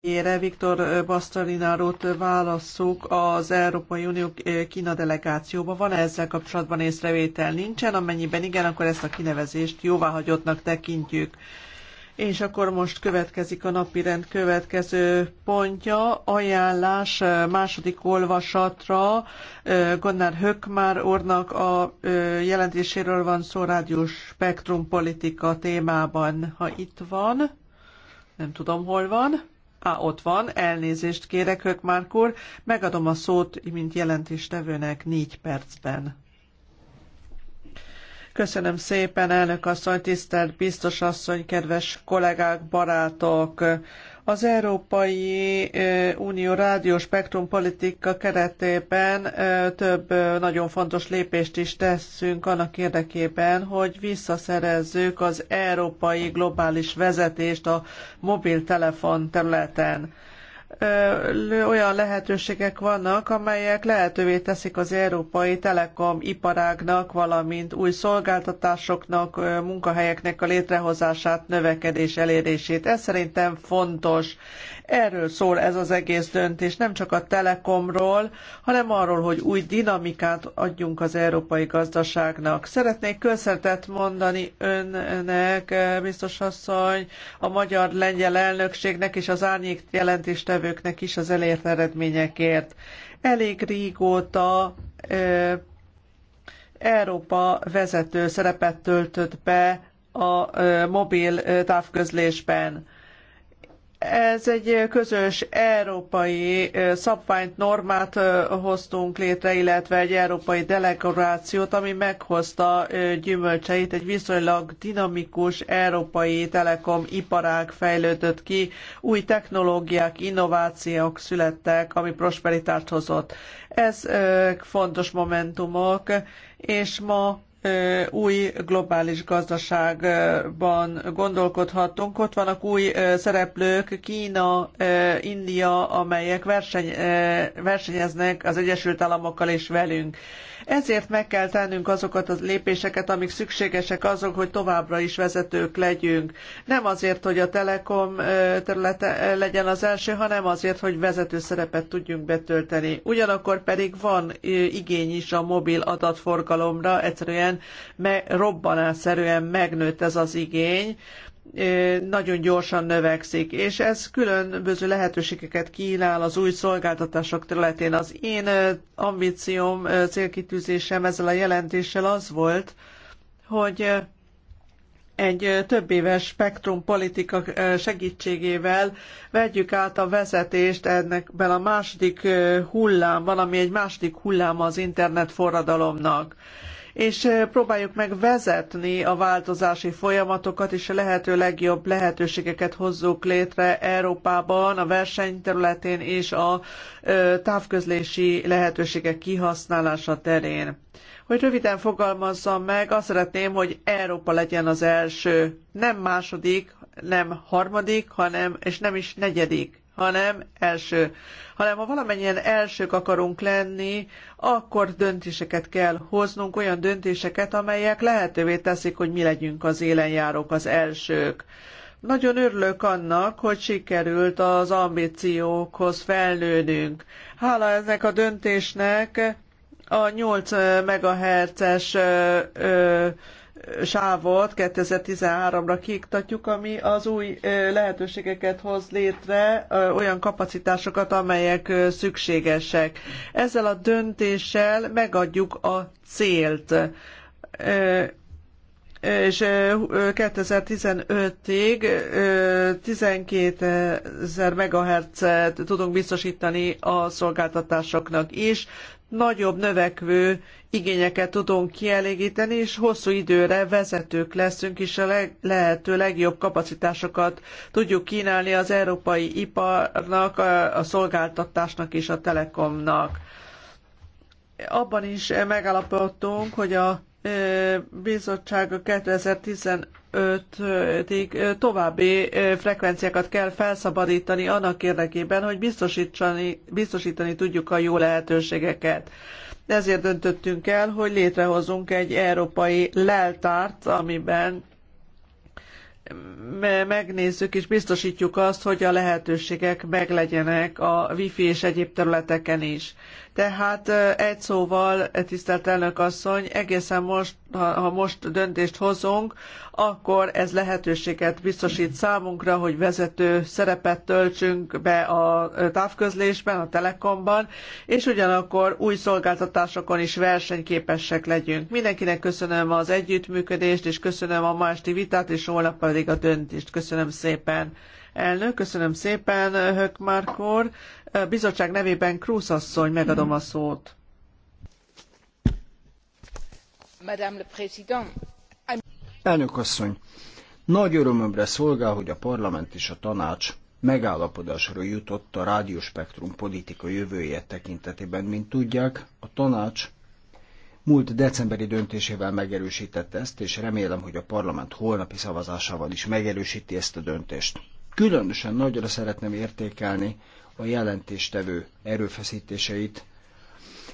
Ére Viktor Basztalináról válasszuk az Európai Unió eh, Kína delegációba. Van-e ezzel kapcsolatban észrevétel? Nincsen, amennyiben igen, akkor ezt a kinevezést jóváhagyottnak tekintjük. És akkor most következik a napirend következő pontja, ajánlás eh, második olvasatra. Eh, Gonnár Hökmár úrnak a jelentéséről van szó rádiós spektrum politika témában, ha itt van. Nem tudom, hol van. Á, ott van, elnézést kérek, Hökmárk úr. Megadom a szót, mint jelentéstevőnek négy percben. Köszönöm szépen, elnök asszony, tisztelt biztos asszony, kedves kollégák, barátok! Az Európai Unió rádióspektrum politika keretében több nagyon fontos lépést is teszünk annak érdekében, hogy visszaszerezzük az európai globális vezetést a mobiltelefon területen olyan lehetőségek vannak, amelyek lehetővé teszik az európai telekom iparágnak, valamint új szolgáltatásoknak, munkahelyeknek a létrehozását, növekedés elérését. Ez szerintem fontos. Erről szól ez az egész döntés, nem csak a telekomról, hanem arról, hogy új dinamikát adjunk az európai gazdaságnak. Szeretnék köszönetet mondani önnek, biztos asszony, a magyar-lengyel elnökségnek és az árnyék jelentéstevő résztvevőknek is az elért eredményekért. Elég régóta ö, Európa vezető szerepet töltött be a ö, mobil ö, távközlésben ez egy közös európai szabványt, normát hoztunk létre, illetve egy európai delegációt, ami meghozta gyümölcseit. Egy viszonylag dinamikus európai telekom iparág fejlődött ki, új technológiák, innovációk születtek, ami prosperitást hozott. Ez fontos momentumok, és ma új globális gazdaságban gondolkodhatunk. Ott vannak új szereplők, Kína, India, amelyek verseny, versenyeznek az Egyesült Államokkal és velünk. Ezért meg kell tennünk azokat a lépéseket, amik szükségesek azok, hogy továbbra is vezetők legyünk. Nem azért, hogy a telekom területe legyen az első, hanem azért, hogy vezető szerepet tudjunk betölteni. Ugyanakkor pedig van igény is a mobil adatforgalomra, egyszerűen egyszerűen me, robbanásszerűen megnőtt ez az igény, nagyon gyorsan növekszik, és ez különböző lehetőségeket kínál az új szolgáltatások területén. Az én ambícióm, célkitűzésem ezzel a jelentéssel az volt, hogy egy több éves spektrum politika segítségével vegyük át a vezetést ennek a második hullámban, ami egy második hullám az internet forradalomnak és próbáljuk meg vezetni a változási folyamatokat, és a lehető legjobb lehetőségeket hozzuk létre Európában, a verseny területén és a távközlési lehetőségek kihasználása terén. Hogy röviden fogalmazzam meg, azt szeretném, hogy Európa legyen az első, nem második, nem harmadik, hanem, és nem is negyedik hanem első. Hanem ha valamennyien elsők akarunk lenni, akkor döntéseket kell hoznunk, olyan döntéseket, amelyek lehetővé teszik, hogy mi legyünk az élenjárók, az elsők. Nagyon örülök annak, hogy sikerült az ambíciókhoz felnőnünk. Hála ennek a döntésnek a 8 MHz-es sávot 2013-ra kiiktatjuk, ami az új lehetőségeket hoz létre, olyan kapacitásokat, amelyek szükségesek. Ezzel a döntéssel megadjuk a célt és 2015-ig 12 ezer megahertzet tudunk biztosítani a szolgáltatásoknak is, nagyobb növekvő igényeket tudunk kielégíteni, és hosszú időre vezetők leszünk, és a leg, lehető legjobb kapacitásokat tudjuk kínálni az európai iparnak, a, a szolgáltatásnak és a telekomnak. Abban is megállapodtunk, hogy a bizottság a 2015-ig további frekvenciákat kell felszabadítani annak érdekében, hogy biztosítani, biztosítani tudjuk a jó lehetőségeket. Ezért döntöttünk el, hogy létrehozunk egy európai leltárt, amiben megnézzük és biztosítjuk azt, hogy a lehetőségek meglegyenek a wifi és egyéb területeken is. Tehát egy szóval, tisztelt elnök asszony, egészen most, ha most döntést hozunk, akkor ez lehetőséget biztosít számunkra, hogy vezető szerepet töltsünk be a távközlésben, a telekomban, és ugyanakkor új szolgáltatásokon is versenyképesek legyünk. Mindenkinek köszönöm az együttműködést, és köszönöm a ma esti vitát, és holnap pedig a döntést. Köszönöm szépen. Elnök, köszönöm szépen, Hökmárkor bizottság nevében Krúz asszony, megadom a szót. Elnök asszony, nagy örömömre szolgál, hogy a parlament és a tanács megállapodásra jutott a rádióspektrum politika jövője tekintetében, mint tudják, a tanács múlt decemberi döntésével megerősítette ezt, és remélem, hogy a parlament holnapi szavazásával is megerősíti ezt a döntést. Különösen nagyra szeretném értékelni a jelentéstevő erőfeszítéseit.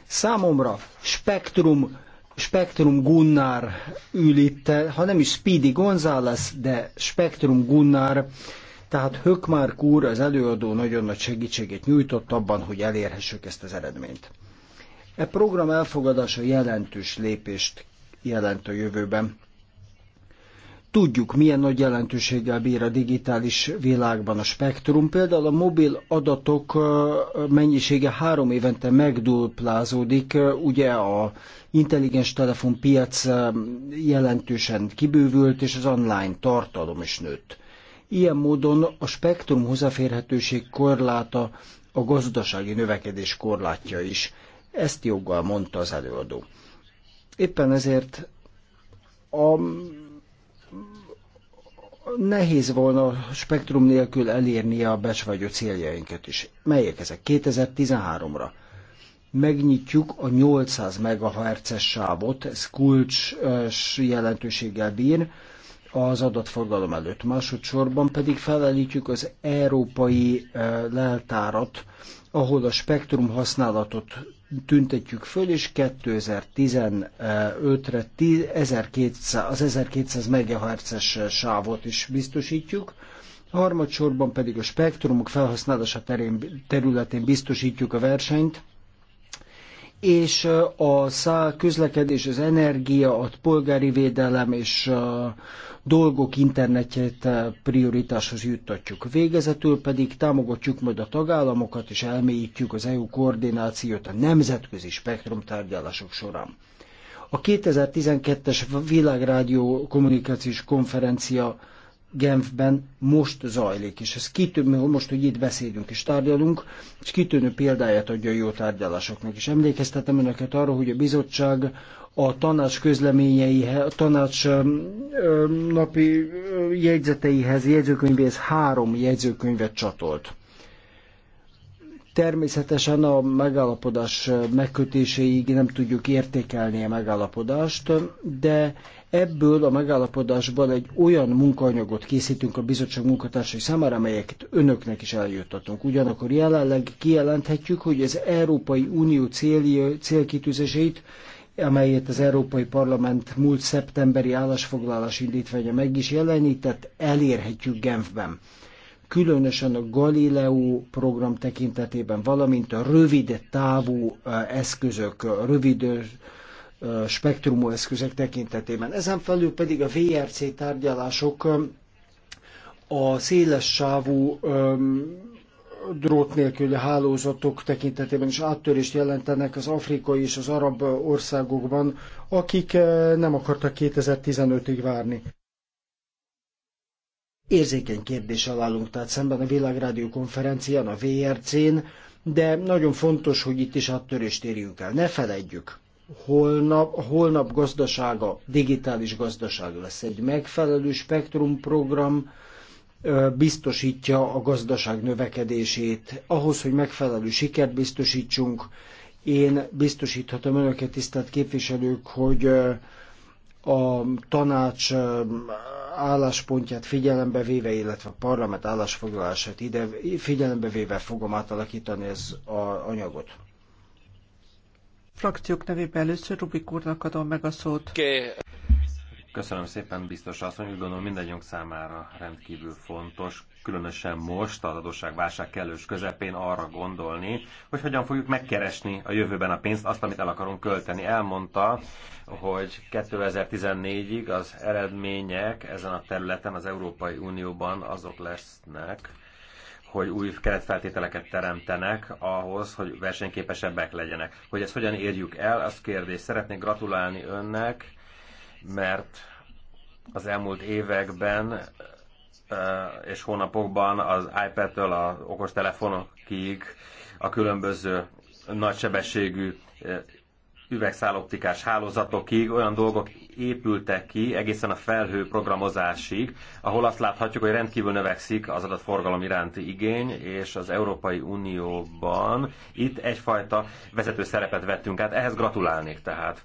Számomra spektrum, spektrum Gunnar ül itt, ha nem is Speedy González, de spektrum Gunnar, tehát Hökmárk úr, az előadó nagyon nagy segítségét nyújtott abban, hogy elérhessük ezt az eredményt. E program elfogadása jelentős lépést jelent a jövőben. Tudjuk, milyen nagy jelentőséggel bír a digitális világban a spektrum. Például a mobil adatok mennyisége három évente megduplázódik. Ugye a intelligens telefonpiac jelentősen kibővült, és az online tartalom is nőtt. Ilyen módon a spektrum hozzáférhetőség korláta a gazdasági növekedés korlátja is. Ezt joggal mondta az előadó. Éppen ezért a nehéz volna a spektrum nélkül elérni a besvagyó céljainkat is. Melyek ezek? 2013-ra megnyitjuk a 800 MHz-es sávot, ez kulcs eh, jelentőséggel bír az adatforgalom előtt. Másodszorban pedig felelítjük az európai eh, leltárat, ahol a spektrum használatot tüntetjük föl, és 2015-re 1200, az 1200 MHz-es sávot is biztosítjuk. Harmadsorban pedig a spektrumok felhasználása terén, területén biztosítjuk a versenyt, és a száll közlekedés, az energia, a polgári védelem és a dolgok internetjét prioritáshoz juttatjuk. Végezetül pedig támogatjuk majd a tagállamokat, és elmélyítjük az EU koordinációt a nemzetközi spektrum tárgyalások során. A 2012-es Világrádió kommunikációs konferencia Genfben most zajlik, és ez kitűnő, most, hogy itt beszélünk és tárgyalunk, és kitűnő példáját adja a jó tárgyalásoknak. És emlékeztetem önöket arra, hogy a bizottság a tanács közleményeihez, a tanács napi jegyzeteihez, jegyzőkönyvéhez három jegyzőkönyvet csatolt. Természetesen a megállapodás megkötéséig nem tudjuk értékelni a megállapodást, de ebből a megállapodásból egy olyan munkaanyagot készítünk a bizottság munkatársai számára, amelyeket önöknek is eljuttatunk. Ugyanakkor jelenleg kijelenthetjük, hogy az Európai Unió céli, célkitűzéseit amelyet az Európai Parlament múlt szeptemberi állásfoglalás indítványa meg is jelenített, elérhetjük Genfben különösen a Galileo program tekintetében, valamint a rövid távú eszközök, rövid spektrumú eszközök tekintetében. Ezen felül pedig a VRC tárgyalások a széles sávú drót nélküli hálózatok tekintetében is áttörést jelentenek az afrikai és az arab országokban, akik nem akartak 2015-ig várni. Érzékeny kérdéssel állunk tehát szemben a Világrádió konferencián, a VRC-n, de nagyon fontos, hogy itt is áttörést érjünk el. Ne feledjük, holnap, holnap gazdasága, digitális gazdaság lesz. Egy megfelelő spektrumprogram biztosítja a gazdaság növekedését. Ahhoz, hogy megfelelő sikert biztosítsunk, én biztosíthatom önöket, tisztelt képviselők, hogy a tanács álláspontját figyelembe véve, illetve a parlament állásfoglalását ide figyelembe véve fogom átalakítani ez a anyagot. Frakciók nevében először Rubik úrnak adom meg a szót. Köszönöm szépen, biztos asszony. Úgy gondolom mindegyünk számára rendkívül fontos, különösen most az adósságválság kellős közepén arra gondolni, hogy hogyan fogjuk megkeresni a jövőben a pénzt, azt, amit el akarunk költeni. Elmondta, hogy 2014-ig az eredmények ezen a területen az Európai Unióban azok lesznek, hogy új keretfeltételeket teremtenek ahhoz, hogy versenyképesebbek legyenek. Hogy ezt hogyan érjük el, az kérdés. Szeretnék gratulálni önnek mert az elmúlt években és hónapokban az iPad-től a okostelefonokig a különböző nagysebességű üvegszáloptikás hálózatokig olyan dolgok épültek ki egészen a felhő programozásig, ahol azt láthatjuk, hogy rendkívül növekszik az adatforgalom iránti igény, és az Európai Unióban itt egyfajta vezető szerepet vettünk át. Ehhez gratulálnék tehát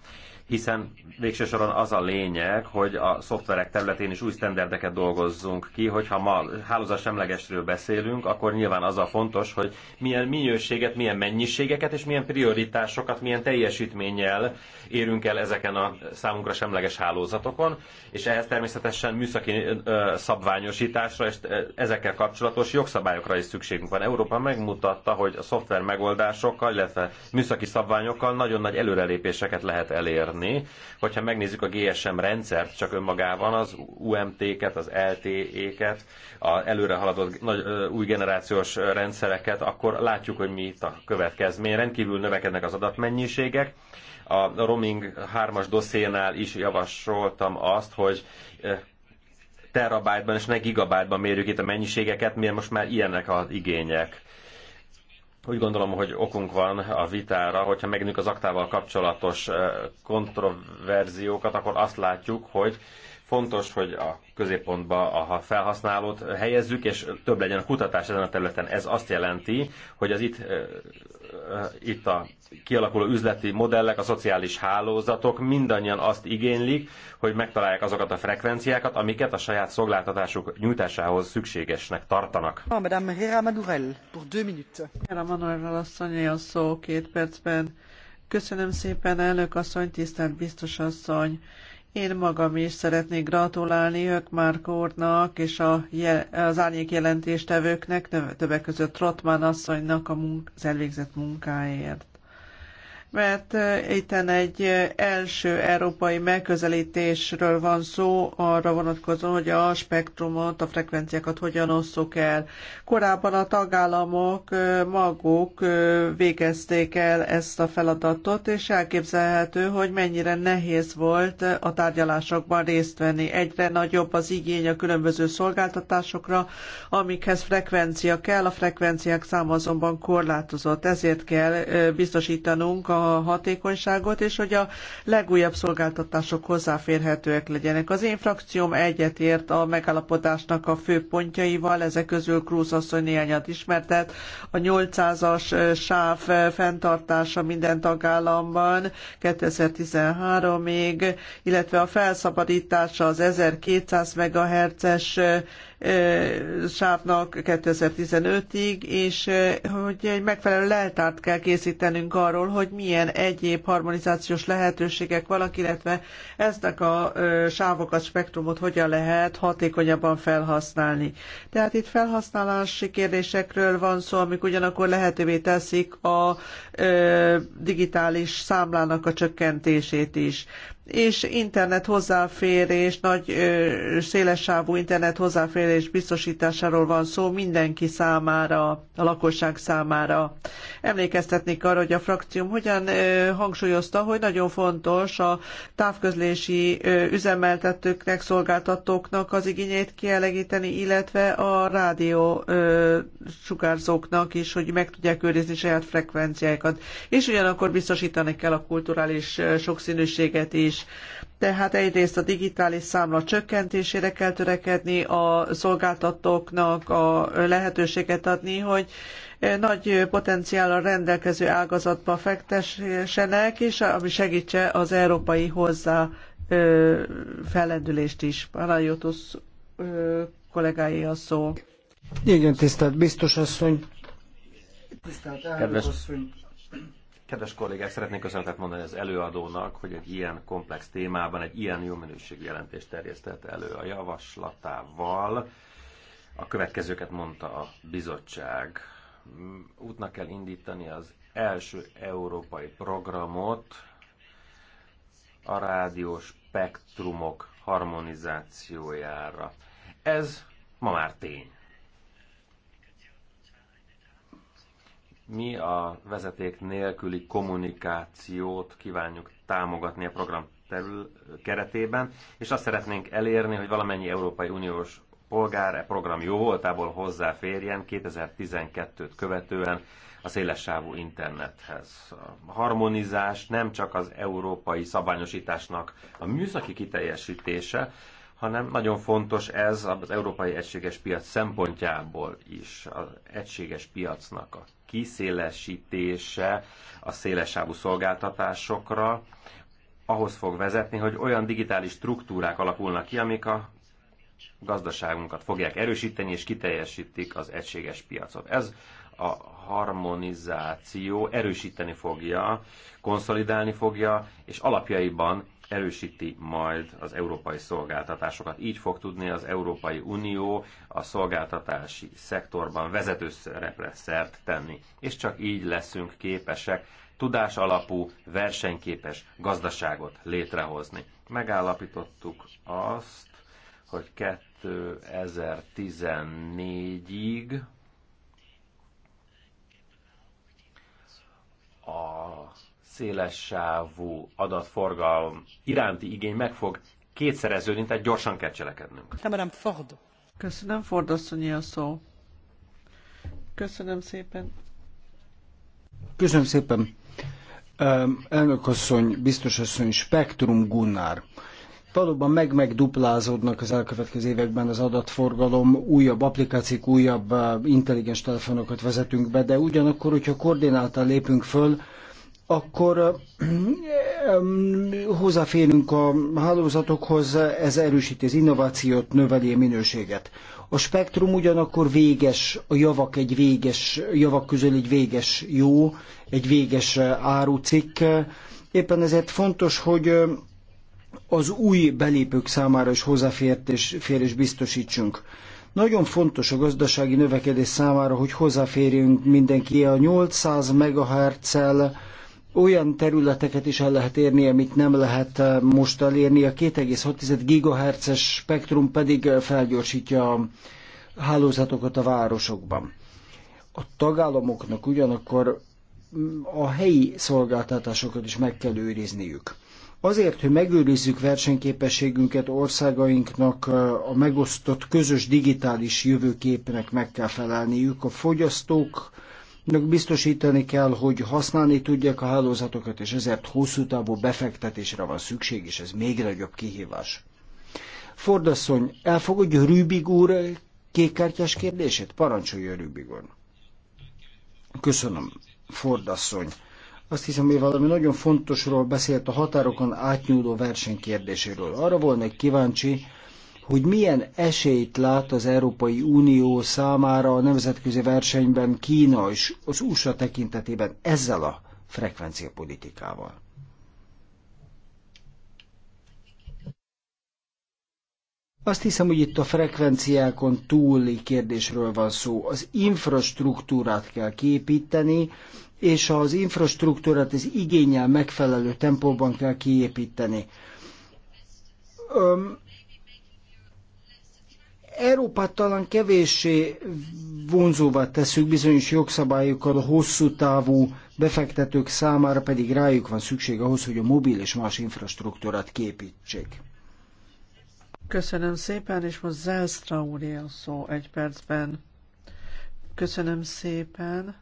hiszen végső soron az a lényeg, hogy a szoftverek területén is új sztenderdeket dolgozzunk ki, hogyha ma semlegesről beszélünk, akkor nyilván az a fontos, hogy milyen minőséget, milyen mennyiségeket és milyen prioritásokat, milyen teljesítménnyel érünk el ezeken a számunkra semleges hálózatokon, és ehhez természetesen műszaki szabványosításra és ezekkel kapcsolatos jogszabályokra is szükségünk van. Európa megmutatta, hogy a szoftver megoldásokkal, illetve műszaki szabványokkal nagyon nagy előrelépéseket lehet elérni tenni. Hogyha megnézzük a GSM rendszert csak önmagában, az UMT-ket, az LTE-ket, az előre haladott nagy, új generációs rendszereket, akkor látjuk, hogy mi itt a következmény. Rendkívül növekednek az adatmennyiségek. A roaming 3-as dosszénál is javasoltam azt, hogy terabájtban és ne gigabájtban mérjük itt a mennyiségeket, miért most már ilyenek az igények úgy gondolom, hogy okunk van a vitára, hogyha megnézzük az aktával kapcsolatos eh, kontroverziókat, akkor azt látjuk, hogy fontos, hogy a középpontba a felhasználót helyezzük, és több legyen a kutatás ezen a területen. Ez azt jelenti, hogy az itt eh, itt a kialakuló üzleti modellek, a szociális hálózatok mindannyian azt igénylik, hogy megtalálják azokat a frekvenciákat, amiket a saját szolgáltatásuk nyújtásához szükségesnek tartanak. Ah, Madame Hera Madurel, pour deux minutes. Hera asszony, a szó két percben. Köszönöm szépen, elnök asszony, tisztelt biztos asszony. Én magam is szeretnék gratulálni Ökmárk úrnak és a, az árnyék jelentéstevőknek, többek között Trotman asszonynak a munk, az elvégzett munkáért mert itt egy első európai megközelítésről van szó, arra vonatkozóan, hogy a spektrumot, a frekvenciákat hogyan osszuk el. Korábban a tagállamok maguk végezték el ezt a feladatot, és elképzelhető, hogy mennyire nehéz volt a tárgyalásokban részt venni. Egyre nagyobb az igény a különböző szolgáltatásokra, amikhez frekvencia kell, a frekvenciák száma azonban korlátozott. Ezért kell biztosítanunk a hatékonyságot, és hogy a legújabb szolgáltatások hozzáférhetőek legyenek. Az én frakcióm egyetért a megállapodásnak a fő pontjaival, ezek közül Krúz asszony néhányat ismertet, a 800-as sáv fenntartása minden tagállamban 2013-ig, illetve a felszabadítása az 1200 MHz-es sávnak 2015-ig, és hogy egy megfelelő leltárt kell készítenünk arról, hogy milyen egyéb harmonizációs lehetőségek vannak, illetve eznek a sávokat, spektrumot hogyan lehet hatékonyabban felhasználni. Tehát itt felhasználási kérdésekről van szó, amik ugyanakkor lehetővé teszik a digitális számlának a csökkentését is és internet hozzáférés, nagy szélessávú internet hozzáférés biztosításáról van szó mindenki számára, a lakosság számára. Emlékeztetnék arra, hogy a frakcióm hogyan hangsúlyozta, hogy nagyon fontos a távközlési üzemeltetőknek, szolgáltatóknak az igényét kielegíteni, illetve a rádió sugárzóknak is, hogy meg tudják őrizni saját frekvenciáikat. És ugyanakkor biztosítani kell a kulturális sokszínűséget is is. Tehát egyrészt a digitális számla csökkentésére kell törekedni, a szolgáltatóknak a lehetőséget adni, hogy nagy potenciállal rendelkező ágazatba fektessenek, és ami segítse az európai hozzá fellendülést is. Panajotusz kollégái a szó. Igen, tisztelt biztos asszony. Tisztelt elnök asszony. Kedves kollégák, szeretnék köszönetet mondani az előadónak, hogy egy ilyen komplex témában egy ilyen jó minőségű jelentést terjesztett elő a javaslatával. A következőket mondta a bizottság. Útnak kell indítani az első európai programot a rádió spektrumok harmonizációjára. Ez ma már tény. Mi a vezeték nélküli kommunikációt kívánjuk támogatni a program terül keretében, és azt szeretnénk elérni, hogy valamennyi Európai Uniós polgár e program jó voltából hozzáférjen 2012-t követően a szélessávú internethez. A harmonizás nem csak az európai szabályosításnak a műszaki kiteljesítése, hanem nagyon fontos ez az európai egységes piac szempontjából is. Az egységes piacnak a kiszélesítése a szélesávú szolgáltatásokra ahhoz fog vezetni, hogy olyan digitális struktúrák alakulnak ki, amik a gazdaságunkat fogják erősíteni és kiteljesítik az egységes piacot. Ez a harmonizáció erősíteni fogja, konszolidálni fogja, és alapjaiban erősíti majd az európai szolgáltatásokat. Így fog tudni az Európai Unió a szolgáltatási szektorban vezető szerepre szert tenni. És csak így leszünk képesek tudás alapú, versenyképes gazdaságot létrehozni. Megállapítottuk azt, hogy 2014-ig a széles sávú adatforgalom iránti igény meg fog kétszereződni, tehát gyorsan kell cselekednünk. Köszönöm, Ford asszonyi a szó. Köszönöm szépen. Köszönöm szépen. Elnök asszony, biztos asszony, Spektrum Gunnar. Valóban meg megduplázódnak az elkövetkező években az adatforgalom, újabb applikációk, újabb intelligens telefonokat vezetünk be, de ugyanakkor, hogyha koordináltan lépünk föl, akkor hozzáférünk a hálózatokhoz, ez erősíti az innovációt, növeli a minőséget. A spektrum ugyanakkor véges, a javak egy véges, javak közül egy véges jó, egy véges árucikk. Éppen ezért fontos, hogy az új belépők számára is hozzáférés biztosítsunk. Nagyon fontos a gazdasági növekedés számára, hogy hozzáférjünk mindenki a 800 MHz-el olyan területeket is el lehet érni, amit nem lehet eh, most elérni. A 2,6 GHz-es spektrum pedig eh, felgyorsítja a hálózatokat a városokban. A tagállamoknak ugyanakkor mm, a helyi szolgáltatásokat is meg kell őrizniük. Azért, hogy megőrizzük versenyképességünket országainknak, eh, a megosztott közös digitális jövőképnek meg kell felelniük. A fogyasztók, biztosítani kell, hogy használni tudják a hálózatokat, és ezért hosszú távú befektetésre van szükség, és ez még nagyobb kihívás. Fordasszony, elfogadja Rübig úr kékkártyás kérdését? Parancsolja Rübig úr. Köszönöm, Fordasszony. Azt hiszem, hogy valami nagyon fontosról beszélt a határokon átnyúló verseny kérdéséről. Arra volnék kíváncsi, hogy milyen esélyt lát az Európai Unió számára a nemzetközi versenyben Kína és az USA tekintetében ezzel a frekvenciapolitikával. Azt hiszem, hogy itt a frekvenciákon túli kérdésről van szó. Az infrastruktúrát kell képíteni, és az infrastruktúrát az igényel megfelelő tempóban kell kiépíteni. Öm, Európát talán kevéssé vonzóvá teszük, bizonyos jogszabályokkal a hosszú távú befektetők számára, pedig rájuk van szükség ahhoz, hogy a mobil és más infrastruktúrát képítsék. Köszönöm szépen, és most Zelstra úr szó egy percben. Köszönöm szépen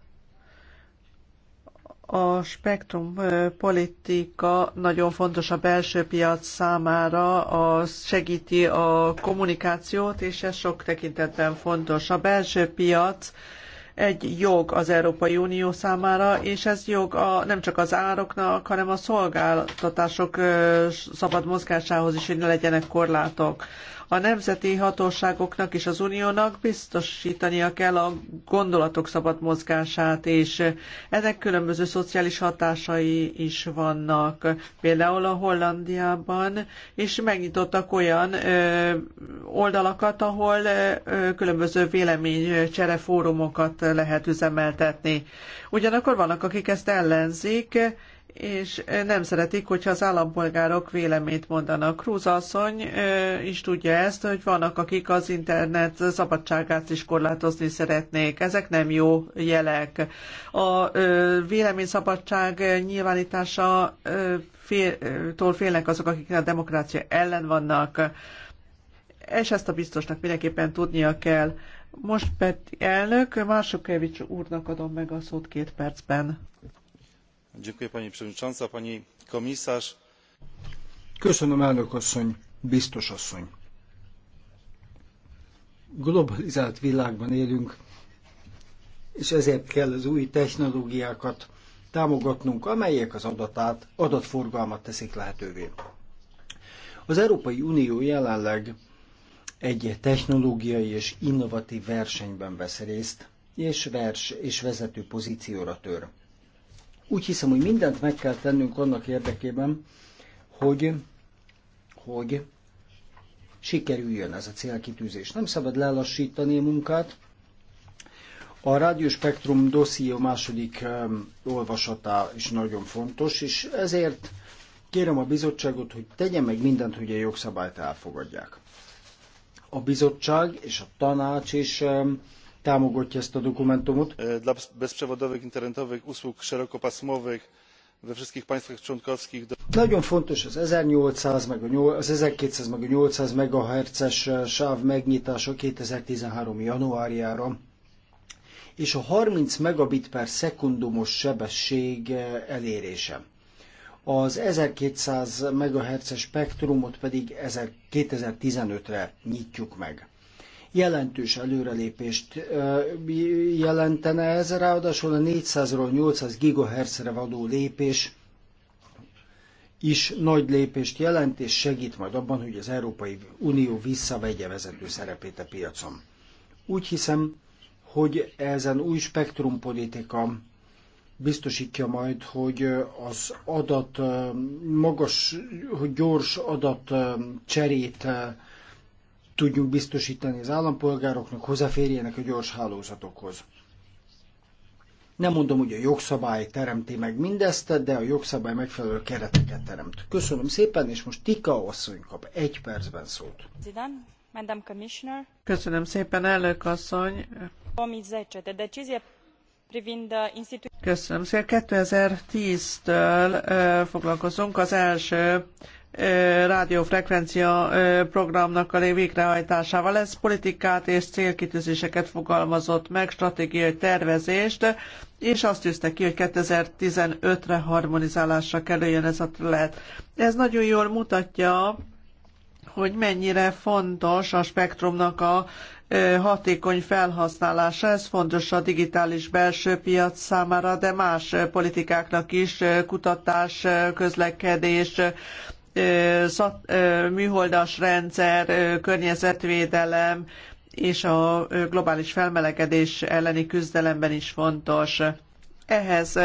a spektrum politika nagyon fontos a belső piac számára, az segíti a kommunikációt, és ez sok tekintetben fontos. A belső piac egy jog az Európai Unió számára, és ez jog a, nem csak az ároknak, hanem a szolgáltatások szabad mozgásához is, hogy ne legyenek korlátok. A nemzeti hatóságoknak és az uniónak biztosítania kell a gondolatok szabad mozgását, és ennek különböző szociális hatásai is vannak. Például a Hollandiában is megnyitottak olyan oldalakat, ahol különböző véleménycsere fórumokat lehet üzemeltetni. Ugyanakkor vannak, akik ezt ellenzik, és nem szeretik, hogyha az állampolgárok véleményt mondanak. Krúz asszony is tudja ezt, hogy vannak, akik az internet szabadságát is korlátozni szeretnék. Ezek nem jó jelek. A véleményszabadság nyilvánítása fél, tól félnek azok, akik a demokrácia ellen vannak, és ezt a biztosnak mindenképpen tudnia kell. Most pedig elnök Mársokevics úrnak adom meg a szót két percben pani przewodnicząca! pani komisarz! köszönöm elnök asszony biztos asszony! globalizált világban élünk és ezért kell az új technológiákat támogatnunk amelyek az adatát adatforgalmat teszik lehetővé. az európai unió jelenleg egy technológiai és innovatív versenyben vesz részt és vers és vezető pozícióra tör. Úgy hiszem, hogy mindent meg kell tennünk annak érdekében, hogy, hogy sikerüljön ez a célkitűzés. Nem szabad lelassítani a munkát. A rádióspektrum dosszió második olvasata is nagyon fontos, és ezért kérem a bizottságot, hogy tegye meg mindent, hogy a jogszabályt elfogadják. A bizottság és a tanács is támogatja ezt a dokumentumot. E, dla bezprzewodowych internetowych usług szerokopasmowych we wszystkich państwach członkowskich. Nagyon fontos az 1800 meg a, az 1200 meg a 800 MHz-es e, sáv megnyitása 2013. januárjára és a 30 megabit per szekundumos sebesség e, elérése. Az 1200 MHz-es spektrumot pedig 2015-re nyitjuk meg jelentős előrelépést jelentene ez, ráadásul a 400-ról 800 GHz-re való lépés is nagy lépést jelent, és segít majd abban, hogy az Európai Unió visszavegye vezető szerepét a piacon. Úgy hiszem, hogy ezen új spektrumpolitika biztosítja majd, hogy az adat magas, hogy gyors adat cserét tudjunk biztosítani az állampolgároknak, hozzáférjenek a gyors hálózatokhoz. Nem mondom, hogy a jogszabály teremti meg mindezt, de a jogszabály megfelelő kereteket teremt. Köszönöm szépen, és most Tika asszony kap egy percben szót. Köszönöm szépen, elnök asszony. Uh, Köszönöm szépen. 2010-től uh, foglalkozunk az első rádiófrekvencia programnak a végrehajtásával. Ez politikát és célkitűzéseket fogalmazott meg, stratégiai tervezést, és azt tűzte ki, hogy 2015-re harmonizálásra kerüljön ez a terület. Ez nagyon jól mutatja, hogy mennyire fontos a spektrumnak a hatékony felhasználása. Ez fontos a digitális belső piac számára, de más politikáknak is, kutatás, közlekedés, műholdas rendszer, környezetvédelem és a globális felmelegedés elleni küzdelemben is fontos. Ehhez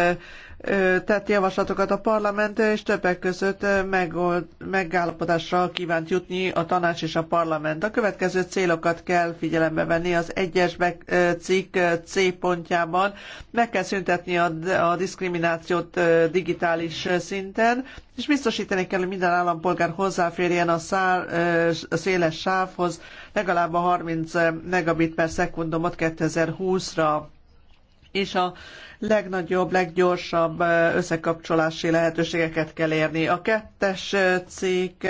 tett javaslatokat a parlament, és többek között megold, megállapodásra kívánt jutni a tanács és a parlament. A következő célokat kell figyelembe venni az egyes cikk C pontjában. Meg kell szüntetni a, a diszkriminációt digitális szinten, és biztosítani kell, hogy minden állampolgár hozzáférjen a, szár, a széles sávhoz legalább a 30 megabit per szekundumot 2020-ra és a legnagyobb, leggyorsabb összekapcsolási lehetőségeket kell érni. A kettes cikk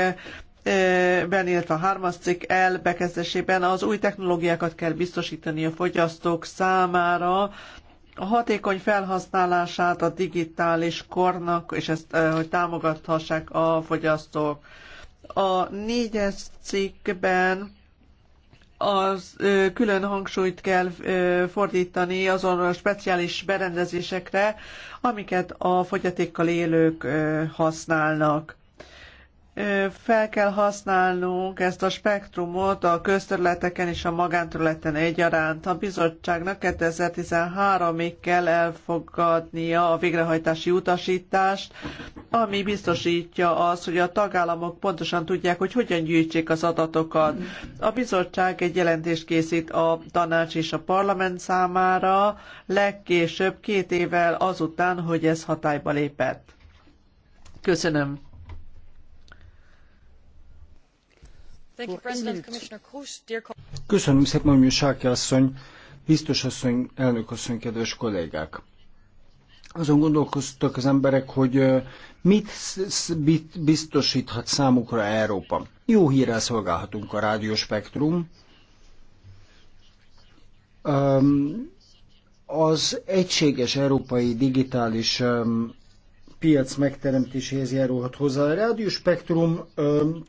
benélt a hármas cikk L bekezdésében az új technológiákat kell biztosítani a fogyasztók számára, a hatékony felhasználását a digitális kornak, és ezt, hogy támogathassák a fogyasztók. A négyes cikkben az külön hangsúlyt kell fordítani azon a speciális berendezésekre, amiket a fogyatékkal élők használnak fel kell használnunk ezt a spektrumot a közterületeken és a magánterületen egyaránt. A bizottságnak 2013-ig kell elfogadnia a végrehajtási utasítást, ami biztosítja azt, hogy a tagállamok pontosan tudják, hogy hogyan gyűjtsék az adatokat. A bizottság egy jelentést készít a tanács és a parlament számára legkésőbb két évvel azután, hogy ez hatályba lépett. Köszönöm. Köszönöm szépen, hogy Sáki asszony, biztos asszony, elnök asszony, kedves kollégák. Azon gondolkoztak az emberek, hogy mit biztosíthat számukra Európa. Jó hírrel szolgálhatunk a rádióspektrum. Az egységes európai digitális piac megteremtéséhez járulhat hozzá. A rádióspektrum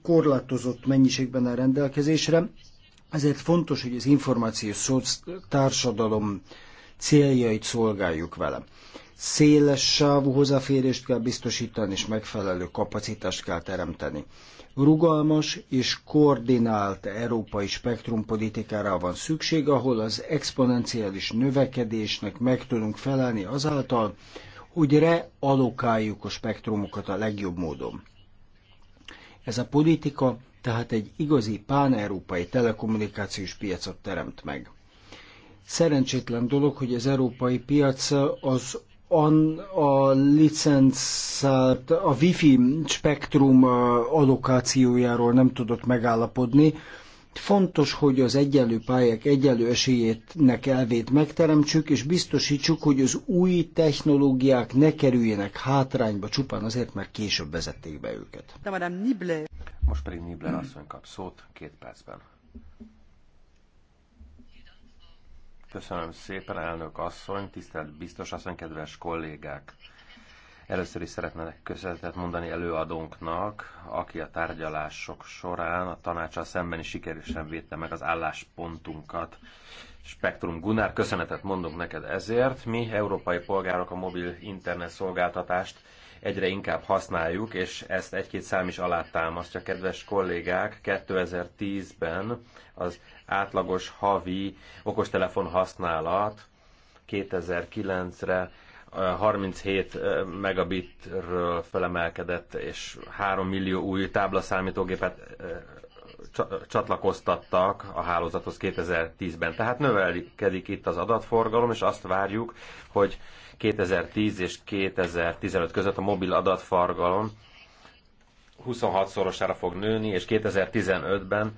korlátozott mennyiségben a rendelkezésre, ezért fontos, hogy az információs társadalom céljait szolgáljuk vele. Széles sávú hozzáférést kell biztosítani, és megfelelő kapacitást kell teremteni. Rugalmas és koordinált európai spektrumpolitikára van szükség, ahol az exponenciális növekedésnek meg tudunk felelni azáltal, hogy realokáljuk a spektrumokat a legjobb módon. Ez a politika tehát egy igazi pán-európai telekommunikációs piacot teremt meg. Szerencsétlen dolog, hogy az európai piac az an, a licenszált, a wifi spektrum allokációjáról nem tudott megállapodni, Fontos, hogy az egyenlő pályák egyenlő esélyének elvét megteremtsük, és biztosítsuk, hogy az új technológiák ne kerüljenek hátrányba csupán azért, mert később vezették be őket. De Madame Nibler. Most pedig Nibler asszony kap szót két percben. Köszönöm szépen, elnök asszony, tisztelt biztos asszony, kedves kollégák! Először is szeretnének köszönetet mondani előadónknak, aki a tárgyalások során a tanácsal szemben is sikeresen védte meg az álláspontunkat. Spektrum Gunnar köszönetet mondunk neked ezért. Mi, európai polgárok a mobil internet szolgáltatást egyre inkább használjuk, és ezt egy-két szám is alátámasztja. Kedves kollégák, 2010-ben az átlagos havi okostelefon használat 2009-re 37 megabitről felemelkedett, és 3 millió új táblaszámítógépet csatlakoztattak a hálózathoz 2010-ben. Tehát növelkedik itt az adatforgalom, és azt várjuk, hogy 2010 és 2015 között a mobil adatforgalom 26-szorosára fog nőni, és 2015-ben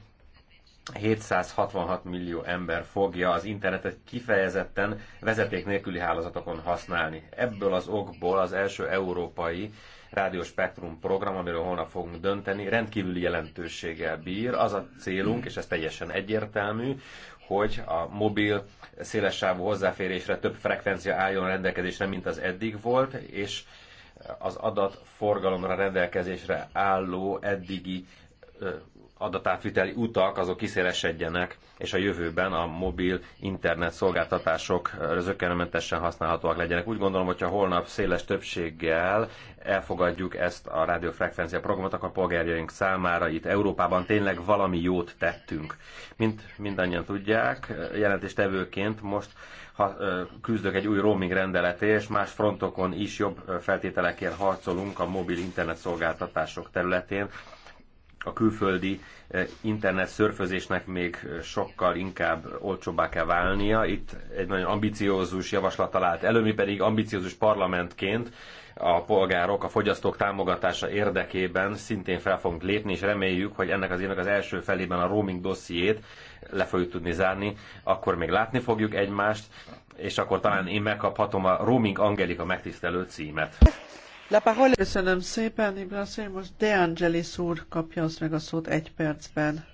766 millió ember fogja az internetet kifejezetten vezeték nélküli hálózatokon használni. Ebből az okból az első európai rádióspektrum program, amiről holnap fogunk dönteni, rendkívüli jelentőséggel bír. Az a célunk, és ez teljesen egyértelmű, hogy a mobil szélessávú hozzáférésre több frekvencia álljon rendelkezésre, mint az eddig volt, és az adatforgalomra rendelkezésre álló eddigi adatátviteli utak azok kiszélesedjenek, és a jövőben a mobil internet szolgáltatások zökkenőmentesen használhatóak legyenek. Úgy gondolom, hogyha holnap széles többséggel elfogadjuk ezt a rádiófrekvencia programot, akkor a polgárjaink számára itt Európában tényleg valami jót tettünk. Mint mindannyian tudják, jelentéstevőként most ha, küzdök egy új roaming rendeletért, és más frontokon is jobb feltételekért harcolunk a mobil internet szolgáltatások területén a külföldi eh, internet szörfözésnek még sokkal inkább olcsóbbá kell válnia. Itt egy nagyon ambiciózus javaslat talált elő, mi pedig ambiciózus parlamentként a polgárok, a fogyasztók támogatása érdekében szintén fel fogunk lépni, és reméljük, hogy ennek az évnek az első felében a roaming dossziét le fogjuk tudni zárni, akkor még látni fogjuk egymást, és akkor talán én megkaphatom a Roaming Angelika megtisztelő címet. Köszönöm szépen, Ibrahim, most De Angelis úr kapja azt meg a szót egy percben.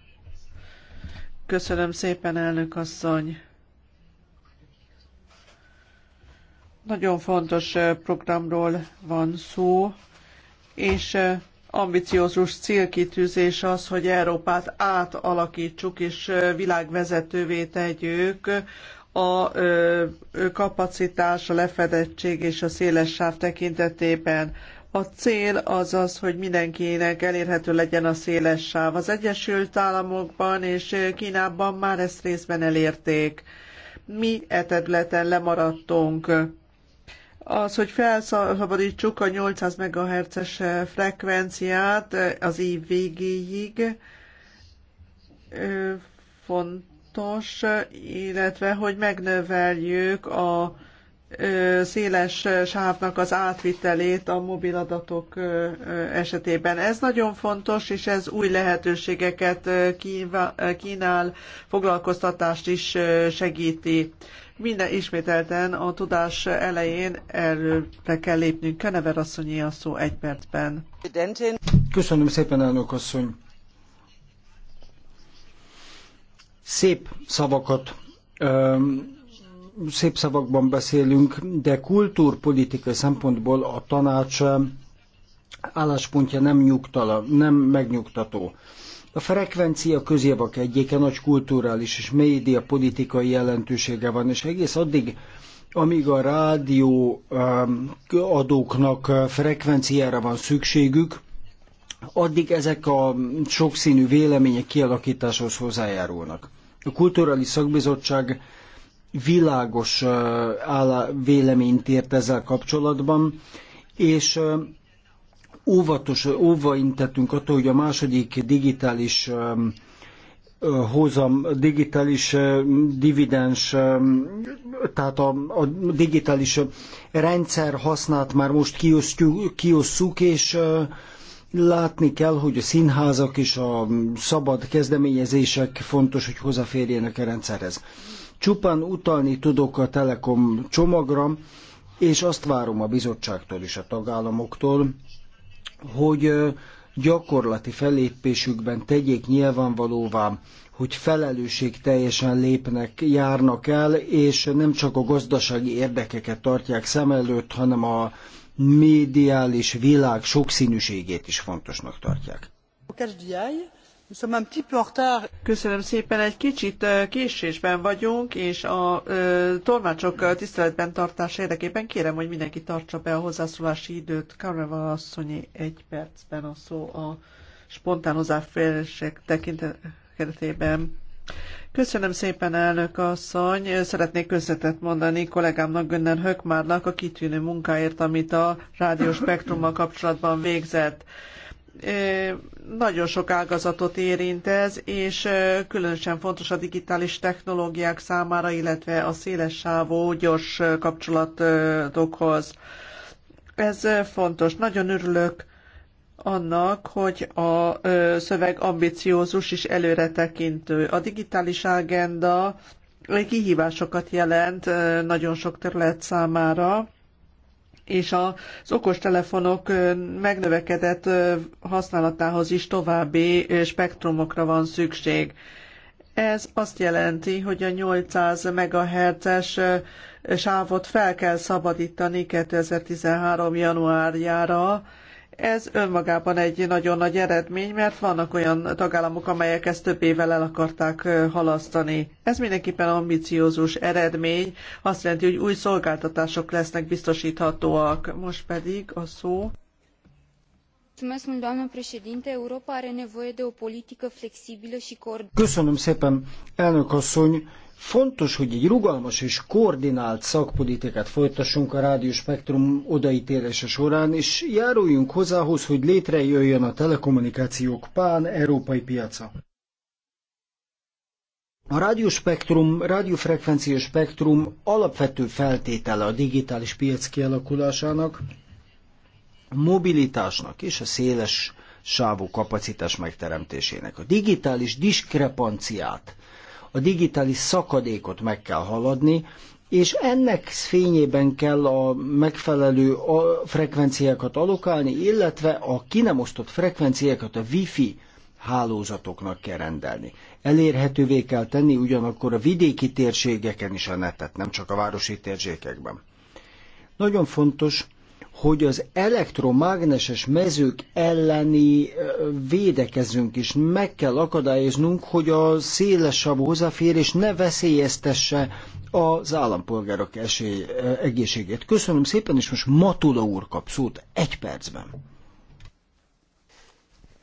Köszönöm szépen, elnök asszony. Nagyon fontos programról van szó, és ambiciózus célkitűzés az, hogy Európát átalakítsuk és világvezetővé tegyük a kapacitás, a lefedettség és a széles sáv tekintetében. A cél az az, hogy mindenkinek elérhető legyen a széles sáv. Az Egyesült Államokban és Kínában már ezt részben elérték. Mi etedleten lemaradtunk. Az, hogy felszabadítsuk a 800 MHz-es frekvenciát az év végéig, font fontos, illetve hogy megnöveljük a széles sávnak az átvitelét a mobil adatok esetében. Ez nagyon fontos, és ez új lehetőségeket kínál, foglalkoztatást is segíti. Minden ismételten a tudás elején előre kell lépnünk. Kenever asszonyi a szó egy percben. Köszönöm szépen, elnök asszony! Szép szavakat szép szavakban beszélünk, de kultúrpolitikai szempontból a tanács álláspontja nem nyugtala, nem megnyugtató. A frekvencia közjavak egyike nagy kulturális és média politikai jelentősége van, és egész addig, amíg a rádió adóknak frekvenciára van szükségük, addig ezek a sokszínű vélemények kialakításhoz hozzájárulnak. A Kulturális Szakbizottság világos véleményt ért ezzel kapcsolatban, és óvatos, intettünk attól, hogy a második digitális hozam, digitális dividens, tehát a, a digitális rendszer hasznát már most kiosztjuk, kiosszuk és látni kell, hogy a színházak és a szabad kezdeményezések fontos, hogy hozzáférjenek a rendszerhez. Csupán utalni tudok a Telekom csomagra, és azt várom a bizottságtól és a tagállamoktól, hogy gyakorlati fellépésükben tegyék nyilvánvalóvá, hogy felelősség teljesen lépnek, járnak el, és nem csak a gazdasági érdekeket tartják szem előtt, hanem a médiális világ sokszínűségét is fontosnak tartják. Köszönöm szépen, egy kicsit késésben vagyunk, és a ö, tolmácsok tiszteletben tartása érdekében kérem, hogy mindenki tartsa be a hozzászólási időt. Karneval asszonyi egy percben a szó a spontán hozzáférések tekintetében. Köszönöm szépen, elnök asszony. Szeretnék köszönetet mondani kollégámnak, Gönner Hökmárnak a kitűnő munkáért, amit a rádióspektrummal kapcsolatban végzett nagyon sok ágazatot érint ez, és különösen fontos a digitális technológiák számára, illetve a széles sávú gyors kapcsolatokhoz. Ez fontos. Nagyon örülök annak, hogy a szöveg ambiciózus és előretekintő. A digitális agenda kihívásokat jelent nagyon sok terület számára, és az okostelefonok megnövekedett használatához is további spektrumokra van szükség. Ez azt jelenti, hogy a 800 MHz-es sávot fel kell szabadítani 2013. januárjára, ez önmagában egy nagyon nagy eredmény, mert vannak olyan tagállamok, amelyek ezt több évvel el akarták halasztani. Ez mindenképpen ambiciózus eredmény, azt jelenti, hogy új szolgáltatások lesznek biztosíthatóak. Most pedig a szó. Köszönöm szépen, elnök asszony! Fontos, hogy egy rugalmas és koordinált szakpolitikát folytassunk a rádióspektrum odaítélése során, és járuljunk hozzához, hogy létrejöjjön a telekommunikációk pán-európai piaca. A rádióspektrum, rádiófrekvenciós spektrum alapvető feltétele a digitális piac kialakulásának, a mobilitásnak és a széles sávú kapacitás megteremtésének. A digitális diskrepanciát a digitális szakadékot meg kell haladni, és ennek fényében kell a megfelelő frekvenciákat alokálni, illetve a kinemosztott frekvenciákat a wifi hálózatoknak kell rendelni. Elérhetővé kell tenni ugyanakkor a vidéki térségeken is a netet, nem csak a városi térségekben. Nagyon fontos, hogy az elektromágneses mezők elleni védekezünk is. Meg kell akadályoznunk, hogy a szélesebb hozzáférés ne veszélyeztesse az állampolgárok esély, egészségét. Köszönöm szépen, és most Matula úr kap szót egy percben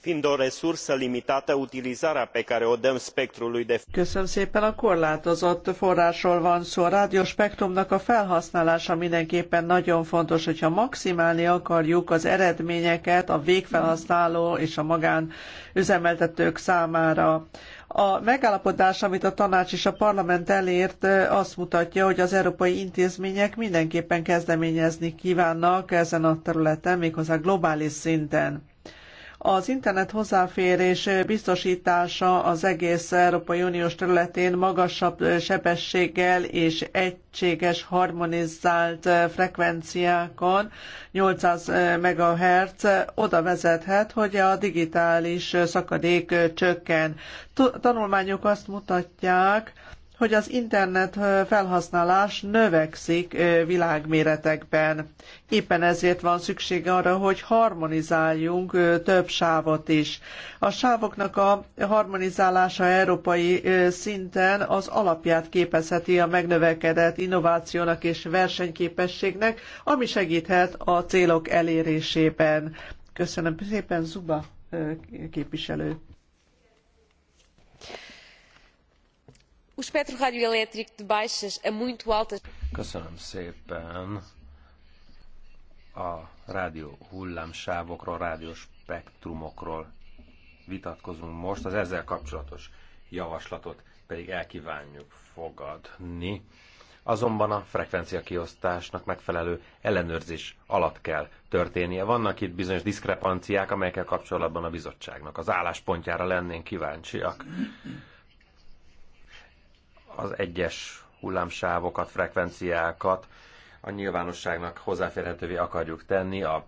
fiind o resursă limitată utilizarea pe care o dăm spectrului de. Köszönöm szépen, a korlátozott forrásról van szó. A rádióspektrumnak a felhasználása mindenképpen nagyon fontos, hogyha maximálni akarjuk az eredményeket a végfelhasználó és a magánüzemeltetők számára. A megállapodás, amit a tanács és a parlament elért, azt mutatja, hogy az európai intézmények mindenképpen kezdeményezni kívánnak ezen a területen, méghozzá globális szinten. Az internet hozzáférés biztosítása az egész Európai Uniós területén magasabb sebességgel és egységes, harmonizált frekvenciákon 800 MHz oda vezethet, hogy a digitális szakadék csökken. Tanulmányok azt mutatják, hogy az internet felhasználás növekszik világméretekben. Éppen ezért van szükség arra, hogy harmonizáljunk több sávot is. A sávoknak a harmonizálása európai szinten az alapját képezheti a megnövekedett innovációnak és versenyképességnek, ami segíthet a célok elérésében. Köszönöm szépen, Zuba képviselő. O espectro radioelétrico de baixas a muito altas... Köszönöm szépen. A rádió hullámsávokról, rádióspektrumokról vitatkozunk most. Az ezzel kapcsolatos javaslatot pedig elkívánjuk fogadni. Azonban a frekvencia kiosztásnak megfelelő ellenőrzés alatt kell történnie. Vannak itt bizonyos diszkrepanciák, amelyekkel kapcsolatban a bizottságnak az álláspontjára lennénk kíváncsiak az egyes hullámsávokat, frekvenciákat a nyilvánosságnak hozzáférhetővé akarjuk tenni, a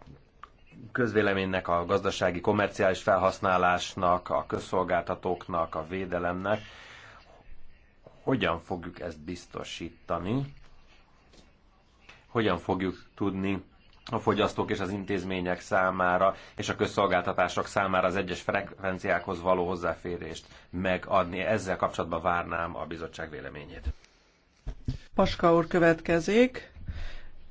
közvéleménynek, a gazdasági, komerciális felhasználásnak, a közszolgáltatóknak, a védelemnek. Hogyan fogjuk ezt biztosítani? Hogyan fogjuk tudni a fogyasztók és az intézmények számára és a közszolgáltatások számára az egyes frekvenciákhoz való hozzáférést megadni. Ezzel kapcsolatban várnám a bizottság véleményét. Paska úr következik.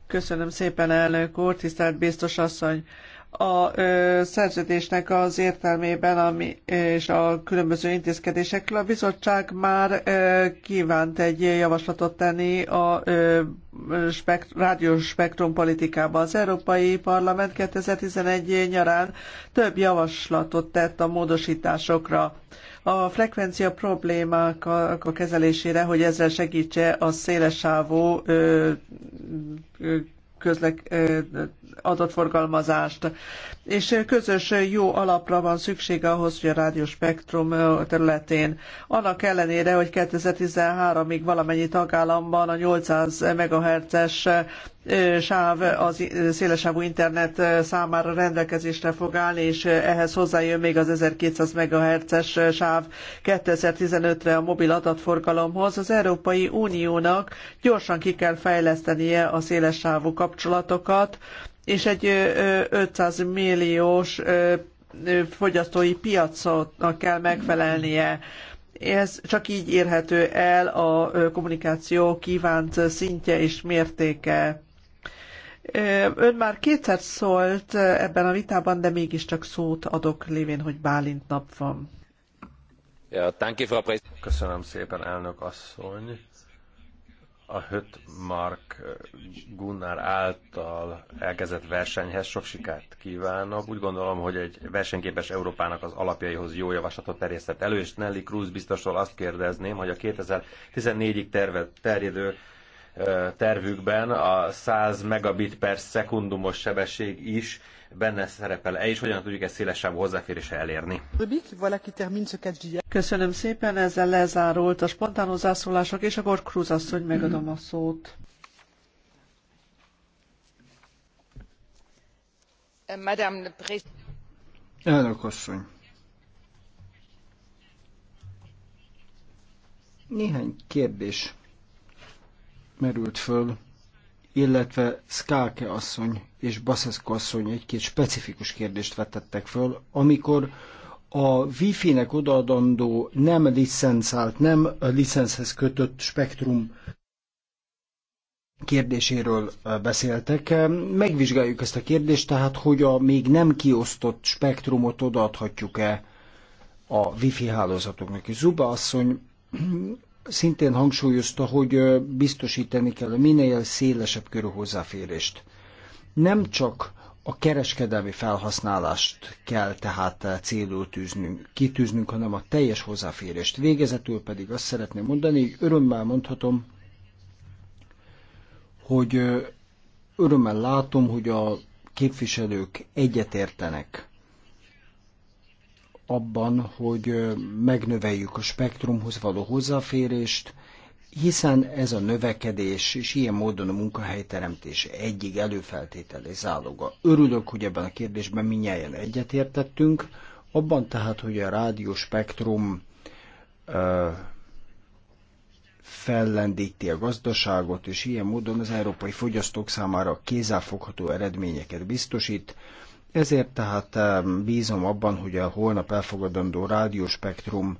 Köszönöm szépen, elnök úr, tisztelt biztos asszony a ö, szerződésnek az értelmében ami, és a különböző intézkedésekkel a bizottság már ö, kívánt egy javaslatot tenni a ö, spekt, rádiós spektrum politikába. Az Európai Parlament 2011 nyarán több javaslatot tett a módosításokra a frekvencia problémák a, a kezelésére, hogy ezzel segítse a szélesávú közlek, adatforgalmazást. És közös jó alapra van szüksége ahhoz, hogy a rádióspektrum területén. Annak ellenére, hogy 2013-ig valamennyi tagállamban a 800 MHz-es sáv az szélesávú internet számára rendelkezésre fog állni, és ehhez hozzájön még az 1200 MHz-es sáv 2015-re a mobil adatforgalomhoz. Az Európai Uniónak gyorsan ki kell fejlesztenie a szélesávú kapcsolatokat, és egy 500 milliós fogyasztói piacotnak kell megfelelnie. Ez csak így érhető el a kommunikáció kívánt szintje és mértéke. Ön már kétszer szólt ebben a vitában, de mégiscsak szót adok lévén, hogy Bálint nap van. Köszönöm szépen, elnök asszony a Hötmark Gunnar által elkezdett versenyhez sok sikert kívánok. Úgy gondolom, hogy egy versenyképes Európának az alapjaihoz jó javaslatot terjesztett elő, és Nelly Cruz biztosról azt kérdezném, hogy a 2014-ig terved, terjedő tervükben a 100 megabit per szekundumos sebesség is benne szerepel-e, és hogyan tudjuk ezt szélesebb hozzáférésre elérni. Köszönöm szépen, ezzel lezárult a spontán hozzászólások, és akkor Krúz asszony, megadom a szót. Elnök asszony. Néhány kérdés merült föl illetve Skáke asszony és Baszeszko asszony egy-két specifikus kérdést vetettek föl, amikor a Wi-Fi-nek odaadandó nem licenszált, nem licenszhez kötött spektrum kérdéséről eh, beszéltek. Megvizsgáljuk ezt a kérdést, tehát hogy a még nem kiosztott spektrumot odaadhatjuk-e a Wi-Fi hálózatoknak. Zuba asszony szintén hangsúlyozta, hogy biztosítani kell a minél szélesebb körű hozzáférést. Nem csak a kereskedelmi felhasználást kell tehát célul tűznünk, kitűznünk, hanem a teljes hozzáférést. Végezetül pedig azt szeretném mondani, hogy örömmel mondhatom, hogy örömmel látom, hogy a képviselők egyetértenek abban, hogy megnöveljük a spektrumhoz való hozzáférést, hiszen ez a növekedés és ilyen módon a munkahelyteremtés egyik előfeltételé záloga. Örülök, hogy ebben a kérdésben minnyáján egyetértettünk, abban tehát, hogy a rádió spektrum ö, fellendíti a gazdaságot, és ilyen módon az európai fogyasztók számára kézzelfogható eredményeket biztosít, ezért tehát bízom abban, hogy a holnap elfogadandó rádióspektrum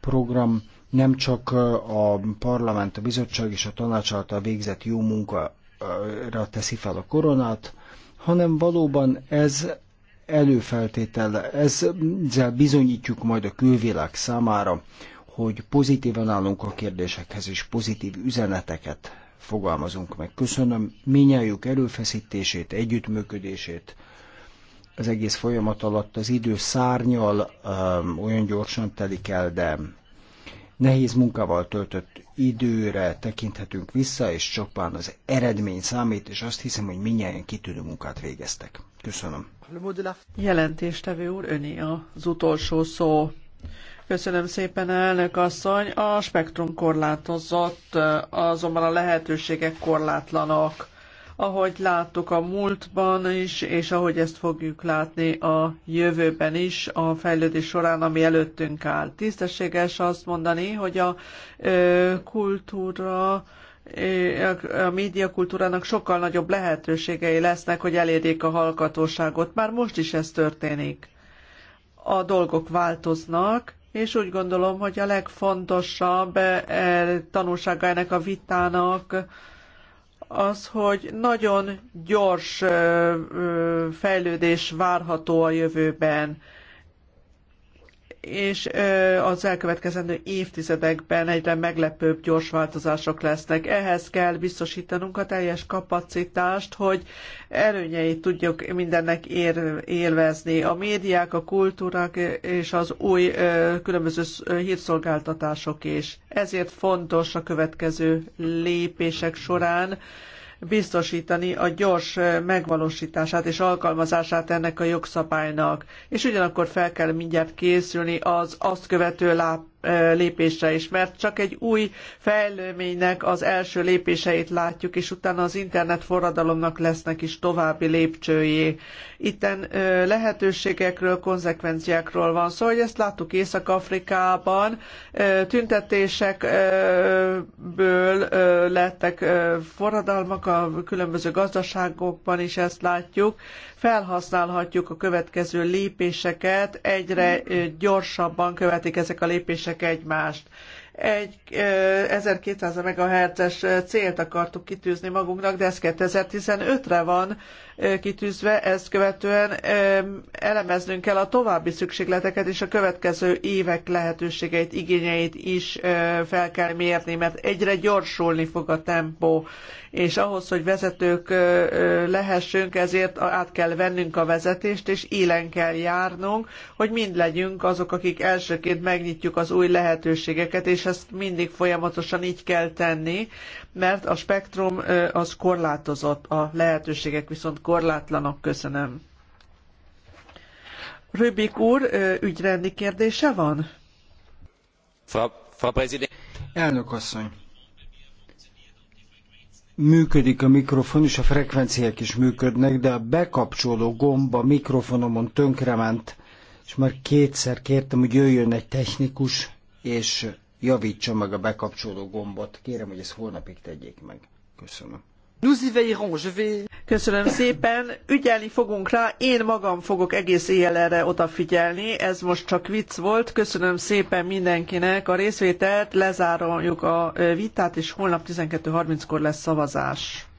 program nem csak a parlament, a bizottság és a tanács által végzett jó munkára teszi fel a koronát, hanem valóban ez előfeltétel, ezzel bizonyítjuk majd a külvilág számára, hogy pozitívan állunk a kérdésekhez, és pozitív üzeneteket fogalmazunk meg. Köszönöm minnyájuk erőfeszítését, együttműködését, az egész folyamat alatt az idő szárnyal um, olyan gyorsan telik el, de nehéz munkával töltött időre tekinthetünk vissza, és csopán az eredmény számít, és azt hiszem, hogy minnyáján kitűnő munkát végeztek. Köszönöm. Jelentéstevő úr, öné az utolsó szó. Köszönöm szépen, elnök asszony. A spektrum korlátozott, azonban a lehetőségek korlátlanak ahogy láttuk a múltban is, és ahogy ezt fogjuk látni a jövőben is, a fejlődés során, ami előttünk áll. Tisztességes azt mondani, hogy a ö, kultúra a médiakultúrának sokkal nagyobb lehetőségei lesznek, hogy elérjék a hallgatóságot. Már most is ez történik. A dolgok változnak, és úgy gondolom, hogy a legfontosabb eh, tanulsága ennek a vitának, az, hogy nagyon gyors fejlődés várható a jövőben és az elkövetkezendő évtizedekben egyre meglepőbb gyors változások lesznek. Ehhez kell biztosítanunk a teljes kapacitást, hogy előnyeit tudjuk mindennek ér, élvezni. A médiák, a kultúrák és az új különböző hírszolgáltatások is. Ezért fontos a következő lépések során, biztosítani a gyors eh, megvalósítását és alkalmazását ennek a jogszabálynak. És ugyanakkor fel kell mindjárt készülni az azt követő láp lépésre is, mert csak egy új fejlőménynek az első lépéseit látjuk, és utána az internet forradalomnak lesznek is további lépcsőjé. Itten lehetőségekről, konzekvenciákról van szó, szóval, hogy ezt láttuk Észak-Afrikában, tüntetésekből lettek forradalmak a különböző gazdaságokban is ezt látjuk, felhasználhatjuk a következő lépéseket, egyre gyorsabban követik ezek a lépések egymást egy 1200 MHz-es célt akartuk kitűzni magunknak, de ez 2015-re van kitűzve, ezt követően elemeznünk kell a további szükségleteket és a következő évek lehetőségeit, igényeit is fel kell mérni, mert egyre gyorsulni fog a tempó és ahhoz, hogy vezetők lehessünk, ezért át kell vennünk a vezetést, és élen kell járnunk, hogy mind legyünk azok, akik elsőként megnyitjuk az új lehetőségeket, és ezt mindig folyamatosan így kell tenni, mert a spektrum az korlátozott, a lehetőségek viszont korlátlanak Köszönöm. Rübik úr, ügyrendi kérdése van? Frau, Frau Elnök asszony, működik a mikrofon, és a frekvenciák is működnek, de a bekapcsoló gomb a mikrofonomon tönkrement, és már kétszer kértem, hogy jöjjön egy technikus, és javítsa meg a bekapcsoló gombot. Kérem, hogy ezt holnapig tegyék meg. Köszönöm. Köszönöm szépen, ügyelni fogunk rá, én magam fogok egész éjjel erre odafigyelni, ez most csak vicc volt, köszönöm szépen mindenkinek a részvételt, Lezárjuk a vitát, és holnap 12.30-kor lesz szavazás.